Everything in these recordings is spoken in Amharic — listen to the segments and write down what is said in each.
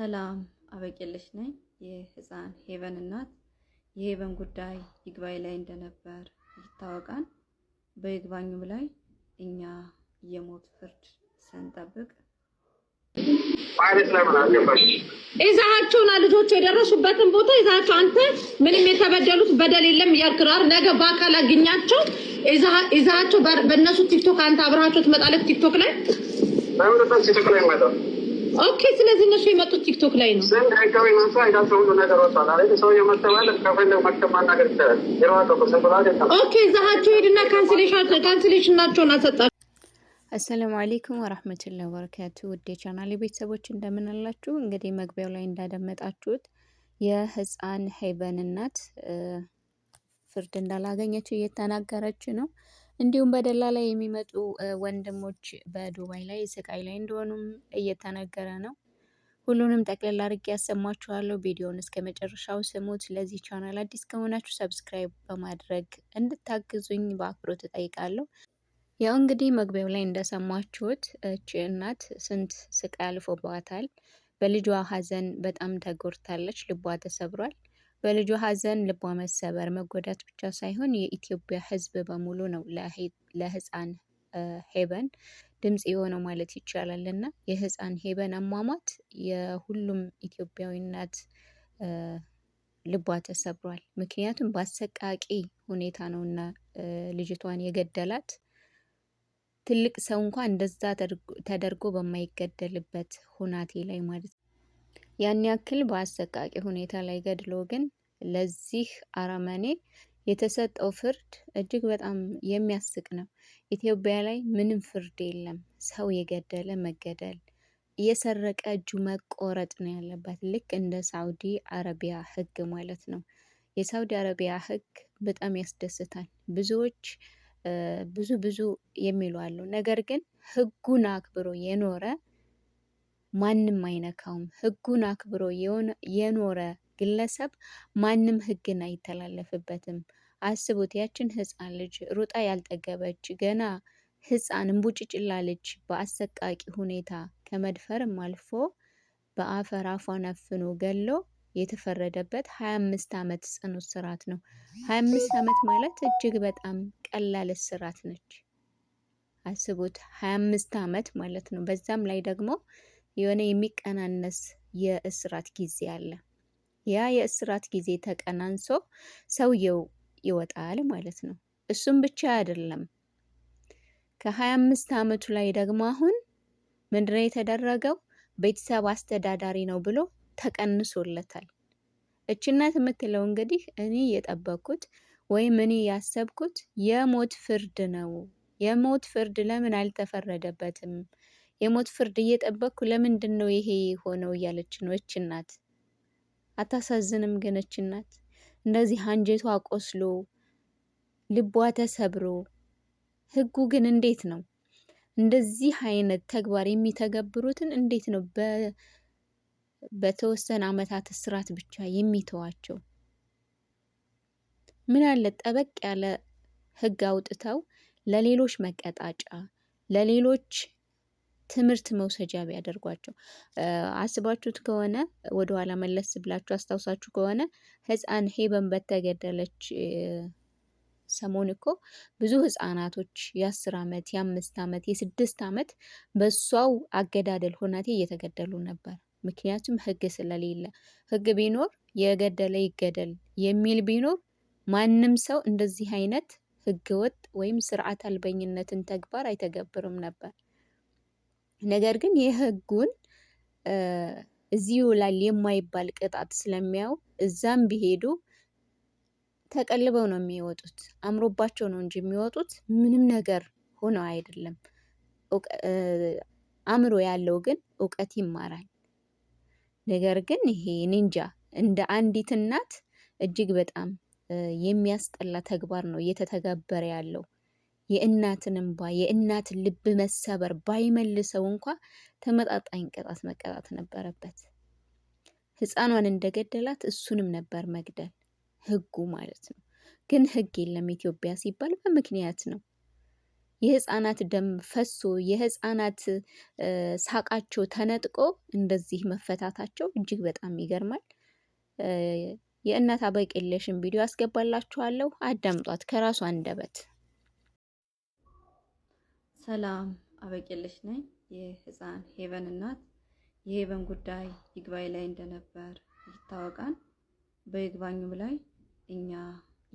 ሰላም አበቄለሽ ነኝ የህፃን ሄቨን እናት። የሄቨን ጉዳይ ይግባኝ ላይ እንደነበር ይታወቃል። በይግባኙም ላይ እኛ የሞት ፍርድ ስንጠብቅ ይዛሃቸውና ልጆቹ የደረሱበትን ቦታ ይዛሃቸው። አንተ ምንም የተበደሉት በደል የለም ያልክራር ነገ በአካል አግኛቸው ይዛሃቸው። በእነሱ ቲክቶክ አንተ አብረሃቸው ትመጣለህ። ቲክቶክ ላይ ኦኬ። ስለዚህ እነሱ የመጡት ቲክቶክ ላይ ነው። ነገር ወጣል። ሰው ይችላል። ኦኬ። እዛቸው ሄድና ካንስሌሽን ናቸውን አሰጣል አሰላሙ አሌይኩም ወራህመቱላ ወበረካቱ። ውድ የቻናል ቤተሰቦች እንደምንላችሁ፣ እንግዲህ መግቢያው ላይ እንዳደመጣችሁት የህፃን ሄቨን እናት ፍርድ እንዳላገኘችው እየተናገረች ነው። እንዲሁም በደላ ላይ የሚመጡ ወንድሞች በዱባይ ላይ ስቃይ ላይ እንደሆኑም እየተነገረ ነው። ሁሉንም ጠቅልል አድርጌ ያሰማችኋለሁ። ቪዲዮውን እስከ መጨረሻው ስሙት። ለዚህ ቻናል አዲስ ከሆናችሁ ሰብስክራይብ በማድረግ እንድታግዙኝ በአክብሮት እጠይቃለሁ። ያው እንግዲህ መግቢያው ላይ እንደሰማችሁት እች እናት ስንት ስቃይ አልፎባታል። በልጇ ሀዘን በጣም ተጎድታለች። ልቧ ተሰብሯል። በልጁ ሀዘን ልቧ መሰበር መጎዳት ብቻ ሳይሆን የኢትዮጵያ ሕዝብ በሙሉ ነው ለህፃን ሄበን ድምፅ የሆነው ማለት ይቻላል እና የህፃን ሄበን አሟሟት የሁሉም ኢትዮጵያዊ እናት ልቧ ተሰብሯል። ምክንያቱም በአሰቃቂ ሁኔታ ነውና ልጅቷን የገደላት። ትልቅ ሰው እንኳን እንደዛ ተደርጎ በማይገደልበት ሁናቴ ላይ ማለት ያን ያክል በአሰቃቂ ሁኔታ ላይ ገድሎ ግን ለዚህ አረመኔ የተሰጠው ፍርድ እጅግ በጣም የሚያስቅ ነው። ኢትዮጵያ ላይ ምንም ፍርድ የለም። ሰው የገደለ መገደል፣ የሰረቀ እጁ መቆረጥ ነው ያለበት። ልክ እንደ ሳውዲ አረቢያ ሕግ ማለት ነው። የሳውዲ አረቢያ ሕግ በጣም ያስደስታል። ብዙዎች ብዙ ብዙ የሚሉ አሉ። ነገር ግን ሕጉን አክብሮ የኖረ ማንም አይነካውም። ህጉን አክብሮ የኖረ ግለሰብ ማንም ህግን አይተላለፍበትም። አስቡት ያችን ህፃን ልጅ ሩጣ ያልጠገበች ገና ህፃን እምቡጭጭላ ልጅ በአሰቃቂ ሁኔታ ከመድፈርም አልፎ በአፈር አፏን አፍኖ ገሎ የተፈረደበት 25 ዓመት ጽኑ እስራት ነው። 25 ዓመት ማለት እጅግ በጣም ቀላል እስራት ነች። አስቡት 25 ዓመት ማለት ነው። በዛም ላይ ደግሞ የሆነ የሚቀናነስ የእስራት ጊዜ አለ። ያ የእስራት ጊዜ ተቀናንሶ ሰውየው ይወጣል ማለት ነው። እሱም ብቻ አይደለም። ከሀያ አምስት አመቱ ላይ ደግሞ አሁን ምንድነው የተደረገው? ቤተሰብ አስተዳዳሪ ነው ብሎ ተቀንሶለታል። እችነት የምትለው እንግዲህ እኔ የጠበቅኩት ወይም እኔ ያሰብኩት የሞት ፍርድ ነው። የሞት ፍርድ ለምን አልተፈረደበትም? የሞት ፍርድ እየጠበቅኩ ለምንድን ነው ይሄ ሆነው እያለች ነው እች እናት። አታሳዝንም ግን እች እናት እንደዚህ አንጀቷ ቆስሎ ልቧ ተሰብሮ። ህጉ ግን እንዴት ነው እንደዚህ አይነት ተግባር የሚተገብሩትን እንዴት ነው በተወሰነ አመታት እስራት ብቻ የሚተዋቸው? ምን አለ ጠበቅ ያለ ህግ አውጥተው ለሌሎች መቀጣጫ ለሌሎች ትምህርት መውሰጃ ቢያደርጓቸው። አስባችሁት ከሆነ ወደኋላ መለስ ብላችሁ አስታውሳችሁ ከሆነ ህፃን ሄበን በተገደለች ሰሞን እኮ ብዙ ህጻናቶች የአስር አመት የአምስት አመት የስድስት አመት በእሷው አገዳደል ሁናቴ እየተገደሉ ነበር። ምክንያቱም ህግ ስለሌለ፣ ህግ ቢኖር የገደለ ይገደል የሚል ቢኖር ማንም ሰው እንደዚህ አይነት ህገወጥ ወይም ስርዓት አልበኝነትን ተግባር አይተገብርም ነበር። ነገር ግን የህጉን እዚህ ይውላል የማይባል ቅጣት ስለሚያው እዛም ቢሄዱ ተቀልበው ነው የሚወጡት። አምሮባቸው ነው እንጂ የሚወጡት ምንም ነገር ሆነው አይደለም። አእምሮ ያለው ግን እውቀት ይማራል። ነገር ግን ይሄ ኒንጃ እንደ አንዲት እናት እጅግ በጣም የሚያስጠላ ተግባር ነው እየተተገበረ ያለው። የእናትን እንባ የእናት ልብ መሰበር ባይመልሰው እንኳ ተመጣጣኝ ቅጣት መቀጣት ነበረበት። ህፃኗን እንደገደላት እሱንም ነበር መግደል ህጉ ማለት ነው። ግን ህግ የለም ኢትዮጵያ ሲባል በምክንያት ነው። የህፃናት ደም ፈሶ የህፃናት ሳቃቸው ተነጥቆ እንደዚህ መፈታታቸው እጅግ በጣም ይገርማል። የእናት አበቄለሽን ቪዲዮ አስገባላችኋለሁ፣ አዳምጧት ከራሷ አንደበት። ሰላም አበቄለሽ ነኝ የህፃን ሄቨን እናት። የሄቨን ጉዳይ ይግባኝ ላይ እንደነበር ይታወቃል። በይግባኙም ላይ እኛ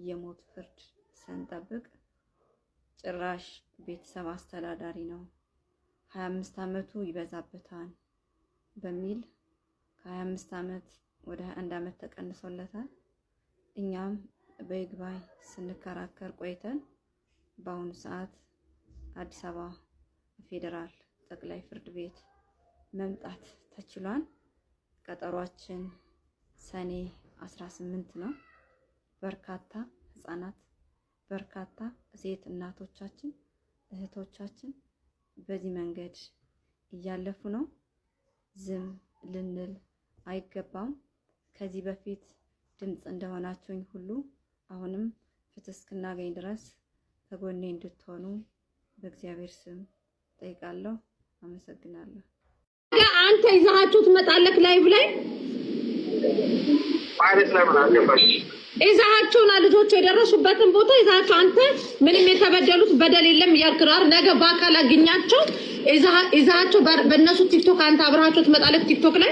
የሞት ፍርድ ስንጠብቅ ጭራሽ ቤተሰብ አስተዳዳሪ ነው፣ 25 ዓመቱ ይበዛበታል በሚል ከ25 ዓመት ወደ 21 ዓመት ተቀንሶለታል። እኛም በይግባኝ ስንከራከር ቆይተን በአሁኑ ሰዓት አዲስ አበባ ፌዴራል ጠቅላይ ፍርድ ቤት መምጣት ተችሏል። ቀጠሯችን ሰኔ 18 ነው። በርካታ ህጻናት፣ በርካታ ሴት እናቶቻችን፣ እህቶቻችን በዚህ መንገድ እያለፉ ነው። ዝም ልንል አይገባም። ከዚህ በፊት ድምፅ እንደሆናችሁኝ ሁሉ አሁንም ፍትህ እስክናገኝ ድረስ ከጎኔ እንድትሆኑ በእግዚአብሔር ስም ጠይቃለሁ። አመሰግናለሁ። አንተ ይዛሃችሁ ትመጣለህ ላይቭ ላይ ማለት ለምን ይዛሃቸውና ልጆቹ የደረሱበትን ቦታ ይዛቸው አንተ ምንም የተበደሉት በደል የለም ያክራር ነገ በአካል አግኛቸው ይዛሃቸው በእነሱ ቲክቶክ አንተ አብረሃቸው ትመጣለህ ቲክቶክ ላይ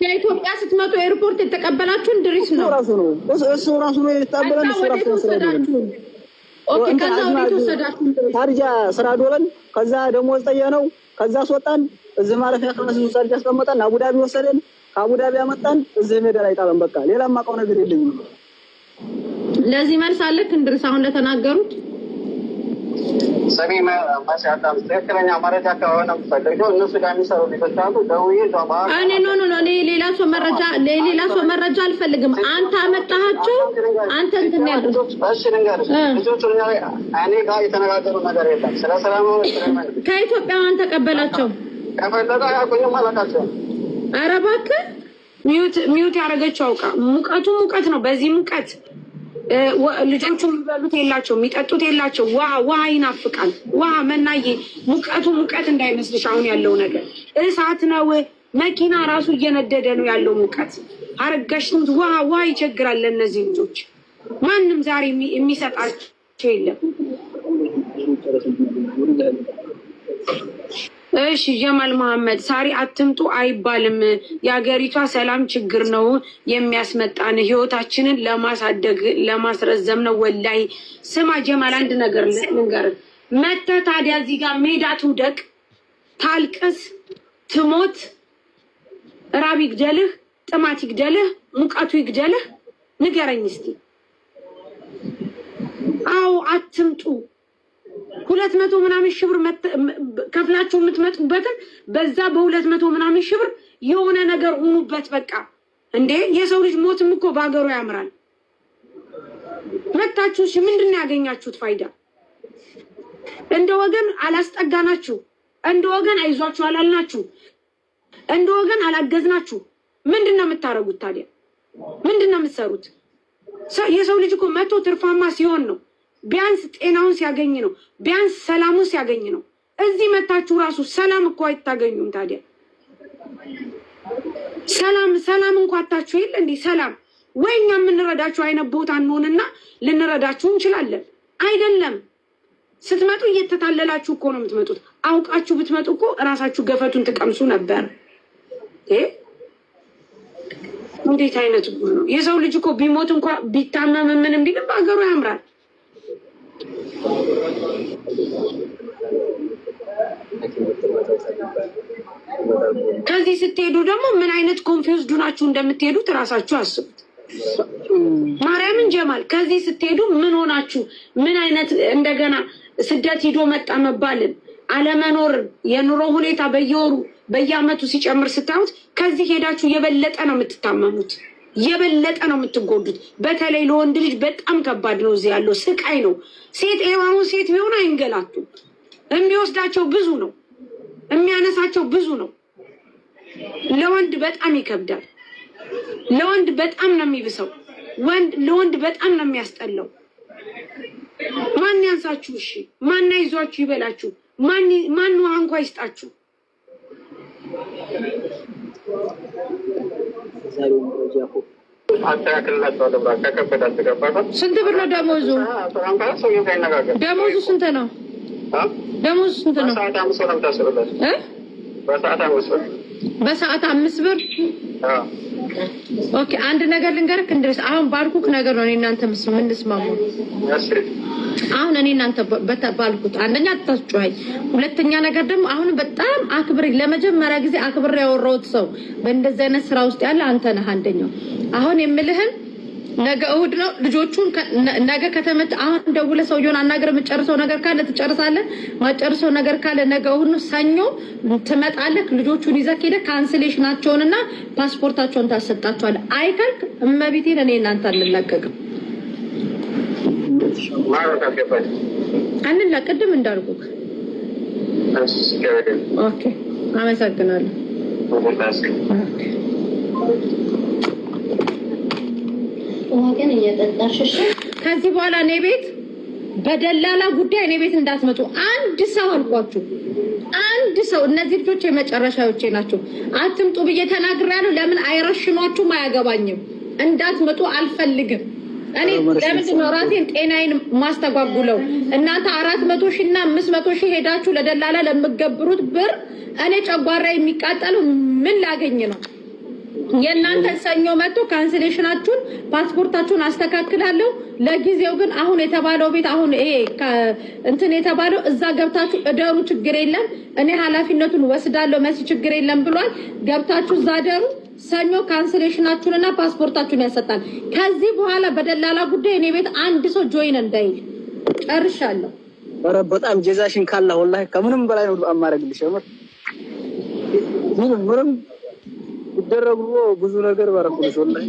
ከኢትዮጵያ ስትመጡ ኤርፖርት የተቀበላችሁን ድሪስ ነው ራሱ እሱ ራሱ ነው የተቀበለን። እሱ ራሱ ነው ታርጃ ስራ ዶለን፣ ከዛ ደግሞ ደሞዝ ነው። ከዛ አስወጣን። እዚህ ማረፊያ ከመስ ሳርጅ አስቀመጠን፣ አቡዳቢ ወሰደን፣ ከአቡዳቢ አመጣን። እዚህ ሜዳ ላይ ጣለን። በቃ ሌላ ማቀው ነገር የለኝም። ለዚህ መልስ አለክ እንድርስ አሁን ለተናገሩት ሰሚ መሲ አዳም ትክክለኛ መረጃ ከሆነ ፈልገው እነሱ ጋር የሚሰሩ ልጆች ደውዬ ደውዬ እኔ ኖ ኖ ኖ እኔ ሌላ ሰው መረጃ ሌላ ሰው መረጃ አልፈልግም። አንተ አመጣሃቸው አንተ እንትን ያለ እሺ፣ ልንገርሽ ልጆቹ እኔ ጋር የተነጋገሩ ነገር የለም ስለ ሰላም ከኢትዮጵያውያን ተቀበላቸው ከፈለገ አያውቁኝም፣ አላውቃቸውም። ኧረ እባክህ ሚዩት ሚዩት ያደረገችው አውቃ ሙቀቱ ሙቀት ነው። በዚህ ሙቀት ልጆቹ የሚበሉት የላቸው፣ የሚጠጡት የላቸው። ውሃ ውሃ ይናፍቃል። ውሃ መናዬ፣ ሙቀቱ ሙቀት እንዳይመስልሽ አሁን ያለው ነገር እሳት ነው። መኪና ራሱ እየነደደ ነው ያለው ሙቀት። አረጋሽት ውሃ ውሃ ይቸግራል ለእነዚህ ልጆች ማንም ዛሬ የሚሰጣቸው የለም። እሺ ጀማል መሐመድ ሳሪ አትምጡ አይባልም። የሀገሪቷ ሰላም ችግር ነው የሚያስመጣን፣ ህይወታችንን ለማሳደግ ለማስረዘም ነው። ወላይ ስማ ጀማል፣ አንድ ነገር ልንገር። መተ ታዲያ እዚህ ጋር ሜዳ ትውደቅ፣ ታልቅስ፣ ትሞት፣ ራብ ይግደልህ፣ ጥማት ይግደልህ፣ ሙቀቱ ይግደልህ፣ ንገረኝ እስቲ። አዎ አትምጡ ሁለት መቶ ምናምን ሺህ ብር ከፍላችሁ የምትመጡበትን በዛ በሁለት መቶ ምናምን ሺህ ብር የሆነ ነገር ሁኑበት። በቃ እንዴ የሰው ልጅ ሞትም እኮ በሀገሩ ያምራል። መታችሁ እሺ፣ ምንድን ነው ያገኛችሁት ፋይዳ? እንደ ወገን አላስጠጋናችሁ፣ እንደ ወገን አይዟችሁ አላልናችሁ፣ እንደ ወገን አላገዝናችሁ። ምንድን ነው የምታደርጉት ታዲያ? ምንድን ነው የምትሰሩት? የሰው ልጅ እኮ መቶ ትርፋማ ሲሆን ነው ቢያንስ ጤናውን ሲያገኝ ነው። ቢያንስ ሰላሙን ሲያገኝ ነው። እዚህ መታችሁ ራሱ ሰላም እኮ አይታገኙም። ታዲያ ሰላም ሰላም እንኳ አታችሁ የለ እንዲህ ሰላም ወይ እኛ የምንረዳችሁ አይነት ቦታ እንሆንና ልንረዳችሁ እንችላለን። አይደለም ስትመጡ እየተታለላችሁ እኮ ነው የምትመጡት። አውቃችሁ ብትመጡ እኮ እራሳችሁ ገፈቱን ትቀምሱ ነበር። እንዴት አይነት ነው! የሰው ልጅ እኮ ቢሞት እንኳ ቢታመም ምንም ቢልም በሀገሩ ያምራል። ከዚህ ስትሄዱ ደግሞ ምን አይነት ኮንፊውዝድ ሆናችሁ እንደምትሄዱት እራሳችሁ አስቡት። ማርያምን ጀማል ከዚህ ስትሄዱ ምን ሆናችሁ ምን አይነት እንደገና ስደት ሂዶ መጣ መባልን አለመኖርን የኑሮ ሁኔታ በየወሩ በየአመቱ ሲጨምር ስታዩት ከዚህ ሄዳችሁ የበለጠ ነው የምትታመሙት። የበለጠ ነው የምትጎዱት። በተለይ ለወንድ ልጅ በጣም ከባድ ነው። እዚህ ያለው ስቃይ ነው። ሴት አሁን ሴት ቢሆን አይንገላቱ። የሚወስዳቸው ብዙ ነው፣ የሚያነሳቸው ብዙ ነው። ለወንድ በጣም ይከብዳል። ለወንድ በጣም ነው የሚብሰው። ወንድ ለወንድ በጣም ነው የሚያስጠላው። ማን ያንሳችሁ? እሺ ማን አይዟችሁ ይበላችሁ? ማን ውሃ እንኳ ይስጣችሁ? ስንት ብር ነው ደሞዙ? ደሞዙ ስንት ነው? ደሞዙ ስንት ነው? በሰዓት አምስት ብር። ኦኬ አንድ ነገር ልንገርክ እንድርስ። አሁን ባልኩክ ነገር ነው እናንተ ምስ ምን አሁን እኔ እናንተ በተባልኩት አንደኛ አታስጩኸኝ፣ ሁለተኛ ነገር ደግሞ አሁን በጣም አክብሬ ለመጀመሪያ ጊዜ አክብሬ ያወራሁት ሰው በእንደዚህ አይነት ስራ ውስጥ ያለ አንተ ነህ። አንደኛው አሁን የምልህን ነገ እሁድ ነው። ልጆቹን ነገ ከተመት አሁን ደውለህ ሰውየውን አናግረህ የምጨርሰው ነገር ካለ ትጨርሳለህ። ማጨርሰው ነገር ካለ ነገ እሁድ ነው፣ ሰኞ ትመጣለህ። ልጆቹን ይዘህ ሄደህ ካንስሌሽናቸውንና ፓስፖርታቸውን ታሰጣቸዋለህ። አይከልክ እመቤቴን እኔ እናንተ አንለቀቅም። አንላ ቅድም እንዳልኩህ ኦኬ። አመሰግናለሁ። ከዚህ በኋላ እኔ ቤት በደላላ ጉዳይ እኔ ቤት እንዳትመጡ። አንድ ሰው አልኳችሁ፣ አንድ ሰው። እነዚህ ልጆች የመጨረሻዎቼ ናቸው። አትምጡ ብዬ ተናግሬያለሁ። ለምን አይረሽኗችሁም? አያገባኝም። እንዳትመጡ አልፈልግም። እኔ ለምንድን ነው ራሴን ጤናዬን ማስተጓጉለው? እናንተ አራት መቶ ሺህ እና አምስት መቶ ሺህ ሄዳችሁ ለደላላ ለምገብሩት ብር እኔ ጨጓራ የሚቃጠለው ምን ላገኝ ነው? የእናንተን ሰኞ መጥቶ ካንስሌሽናችሁን ፓስፖርታችሁን አስተካክላለሁ። ለጊዜው ግን አሁን የተባለው ቤት አሁን ይሄ እንትን የተባለው እዛ ገብታችሁ እደሩ፣ ችግር የለም እኔ ኃላፊነቱን ወስዳለሁ መሲ ችግር የለም ብሏል። ገብታችሁ እዛ እደሩ። ሰኞ ካንስሌሽናችሁንና ፓስፖርታችሁን ያሰጣል። ከዚህ በኋላ በደላላ ጉዳይ እኔ ቤት አንድ ሰው ጆይን እንዳይል ጨርሻለሁ። ኧረ በጣም ጀዛሽን ካላ ወላሂ ከምንም በላይ ነው አማረግልሽ። ምር ምንም ይደረጉ ብዙ ነገር ባረኩልሽ ወላሂ።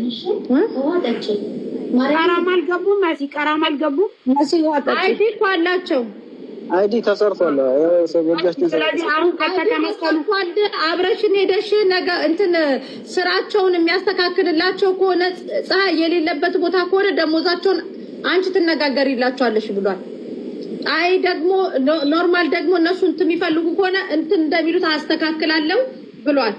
ቀራማ አልገቡም መሲ፣ ቀራማ አልገቡም መሲ። ይወጣ አይዲ እኮ አላቸው አይዲ ተሰርቷል። ስለዚህ አሁን ከተቀመጠ አብረሽን ሄደሽ ነገ እንትን ስራቸውን የሚያስተካክልላቸው ከሆነ ፀሐይ የሌለበት ቦታ ከሆነ ደሞዛቸውን አንቺ ትነጋገሪላቸዋለሽ ብሏል። አይ ደግሞ ኖርማል ደግሞ እነሱ እንትን የሚፈልጉ ከሆነ እንትን እንደሚሉት አስተካክላለሁ ብሏል።